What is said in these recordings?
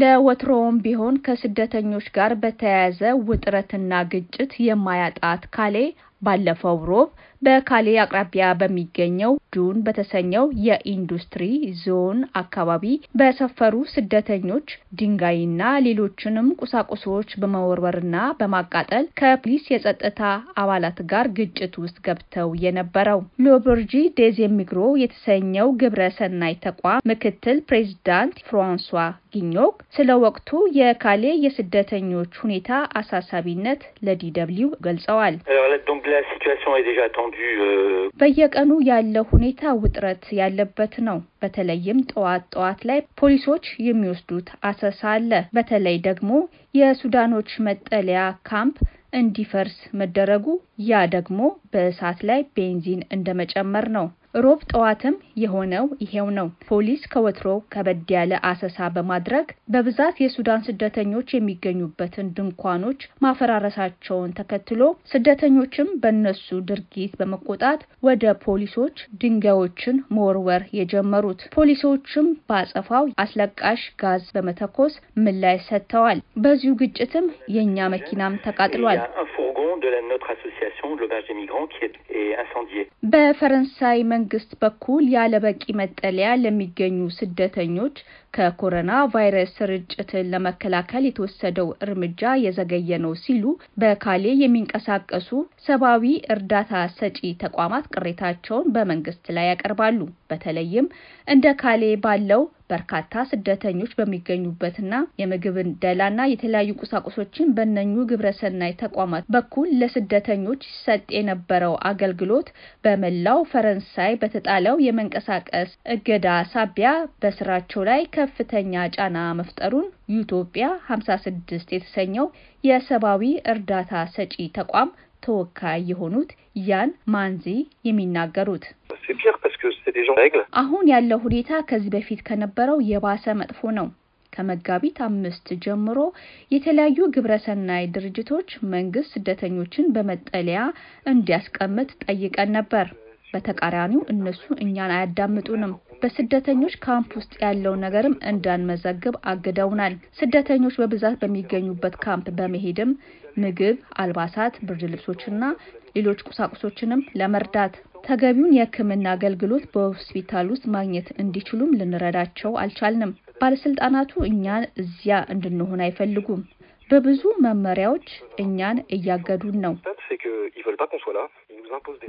ለወትሮውም ቢሆን ከስደተኞች ጋር በተያያዘ ውጥረትና ግጭት የማያጣት ካሌ ባለፈው ሮብ በካሌ አቅራቢያ በሚገኘው ጁን በተሰኘው የኢንዱስትሪ ዞን አካባቢ በሰፈሩ ስደተኞች ድንጋይና ሌሎችንም ቁሳቁሶች በመወርወርና በማቃጠል ከፖሊስ የጸጥታ አባላት ጋር ግጭት ውስጥ ገብተው የነበረው ሎበርጂ ዴዜሚግሮ የተሰኘው ግብረ ሰናይ ተቋም ምክትል ፕሬዚዳንት ፍራንሷ ጊኞክ ስለ ወቅቱ የካሌ የስደተኞች ሁኔታ አሳሳቢነት ለዲደብሊው ገልጸዋል። euh, Euh, በየቀኑ ያለው ሁኔታ ውጥረት ያለበት ነው። በተለይም ጠዋት ጠዋት ላይ ፖሊሶች የሚወስዱት አሰሳ አለ። በተለይ ደግሞ የሱዳኖች መጠለያ ካምፕ እንዲፈርስ መደረጉ፣ ያ ደግሞ በእሳት ላይ ቤንዚን እንደመጨመር ነው። ሮብ ጠዋትም የሆነው ይሄው ነው። ፖሊስ ከወትሮ ከበድ ያለ አሰሳ በማድረግ በብዛት የሱዳን ስደተኞች የሚገኙበትን ድንኳኖች ማፈራረሳቸውን ተከትሎ ስደተኞችም በነሱ ድርጊት በመቆጣት ወደ ፖሊሶች ድንጋዮችን መወርወር የጀመሩት። ፖሊሶችም በአጸፋው አስለቃሽ ጋዝ በመተኮስ ምላሽ ሰጥተዋል። በዚሁ ግጭትም የእኛ መኪናም ተቃጥሏል። በፈረንሳይ መንግስት መንግስት በኩል ያለበቂ መጠለያ ለሚገኙ ስደተኞች ከኮሮና ቫይረስ ስርጭትን ለመከላከል የተወሰደው እርምጃ የዘገየ ነው ሲሉ በካሌ የሚንቀሳቀሱ ሰብአዊ እርዳታ ሰጪ ተቋማት ቅሬታቸውን በመንግስት ላይ ያቀርባሉ። በተለይም እንደ ካሌ ባለው በርካታ ስደተኞች በሚገኙበትና የምግብን ደላና የተለያዩ ቁሳቁሶችን በነኙ ግብረሰናይ ተቋማት በኩል ለስደተኞች ይሰጥ የነበረው አገልግሎት በመላው ፈረንሳይ በተጣለው የመንቀሳቀስ እገዳ ሳቢያ በስራቸው ላይ ከፍተኛ ጫና መፍጠሩን ዩቶጵያ 56 የተሰኘው የሰብአዊ እርዳታ ሰጪ ተቋም ተወካይ የሆኑት ያን ማንዚ የሚናገሩት አሁን ያለው ሁኔታ ከዚህ በፊት ከነበረው የባሰ መጥፎ ነው። ከመጋቢት አምስት ጀምሮ የተለያዩ ግብረሰናይ ድርጅቶች መንግስት ስደተኞችን በመጠለያ እንዲያስቀምጥ ጠይቀን ነበር። በተቃራኒው እነሱ እኛን አያዳምጡንም። በስደተኞች ካምፕ ውስጥ ያለው ነገርም እንዳንመዘግብ አግደውናል። ስደተኞች በብዛት በሚገኙበት ካምፕ በመሄድም ምግብ፣ አልባሳት፣ ብርድ ልብሶችና ሌሎች ቁሳቁሶችንም ለመርዳት ተገቢውን የሕክምና አገልግሎት በሆስፒታል ውስጥ ማግኘት እንዲችሉም ልንረዳቸው አልቻልንም። ባለስልጣናቱ እኛን እዚያ እንድንሆን አይፈልጉም። በብዙ መመሪያዎች እኛን እያገዱን ነው።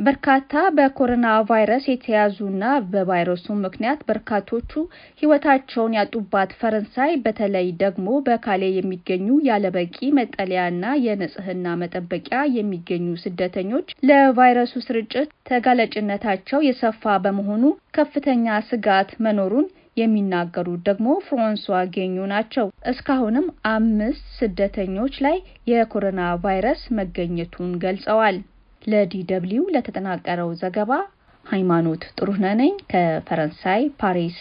በርካታ በኮሮና ቫይረስ የተያዙና በቫይረሱ ምክንያት በርካቶቹ ሕይወታቸውን ያጡባት ፈረንሳይ በተለይ ደግሞ በካሌ የሚገኙ ያለበቂ መጠለያና የንጽህና መጠበቂያ የሚገኙ ስደተኞች ለቫይረሱ ስርጭት ተጋላጭነታቸው የሰፋ በመሆኑ ከፍተኛ ስጋት መኖሩን የሚናገሩት ደግሞ ፍራንሷ ጌኙ ናቸው። እስካሁንም አምስት ስደተኞች ላይ የኮሮና ቫይረስ መገኘቱን ገልጸዋል። ለዲደብሊው ለተጠናቀረው ዘገባ ሃይማኖት ጥሩነህ ነኝ ከፈረንሳይ ፓሪስ